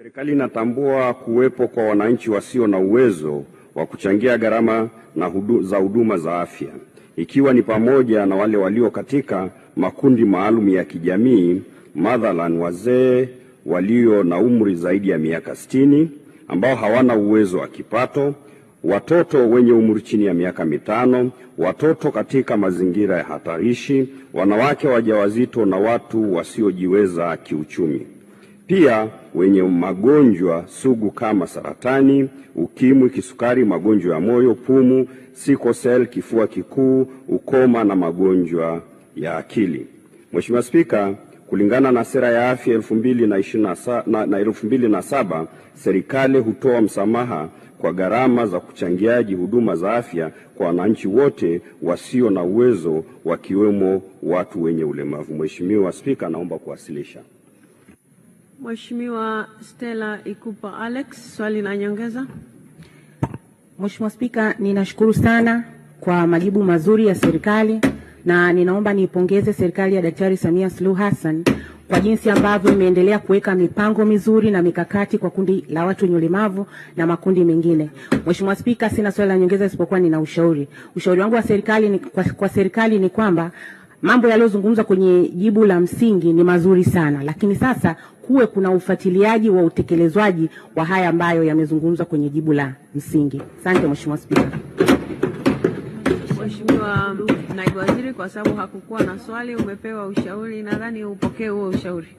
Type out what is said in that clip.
Serikali inatambua kuwepo kwa wananchi wasio na uwezo wa kuchangia gharama na hudu, za huduma za afya ikiwa ni pamoja na wale walio katika makundi maalum ya kijamii, mathalan wazee walio na umri zaidi ya miaka sitini ambao hawana uwezo wa kipato, watoto wenye umri chini ya miaka mitano, watoto katika mazingira ya hatarishi, wanawake wajawazito na watu wasiojiweza kiuchumi. Pia wenye magonjwa sugu kama saratani, ukimwi, kisukari, magonjwa ya moyo, pumu, siko kifua kikuu, ukoma na magonjwa ya akili. Mheshimiwa Spika, kulingana na sera ya afya elfu mbili na ishirini elfu mbili na saba serikali hutoa msamaha kwa gharama za kuchangiaji huduma za afya kwa wananchi wote wasio na uwezo wakiwemo watu wenye ulemavu. Mheshimiwa Spika, naomba kuwasilisha. Mheshimiwa Stella Ikupa Alex, swali la nyongeza. Mheshimiwa Spika, ninashukuru sana kwa majibu mazuri ya serikali na ninaomba niipongeze serikali ya Daktari Samia Suluhu Hassan kwa jinsi ambavyo imeendelea kuweka mipango mizuri na mikakati kwa kundi la watu wenye ulemavu na makundi mengine. Mheshimiwa Spika, sina swali la nyongeza isipokuwa nina ushauri. Ushauri wangu wa serikali ni, kwa, kwa serikali ni kwamba mambo yaliyozungumzwa kwenye jibu la msingi ni mazuri sana, lakini sasa kuwe kuna ufuatiliaji wa utekelezwaji wa haya ambayo yamezungumzwa kwenye jibu la msingi. Asante Mheshimiwa Spika. Mheshimiwa Naibu Waziri, kwa sababu hakukuwa na swali, umepewa ushauri, nadhani upokee huo ushauri.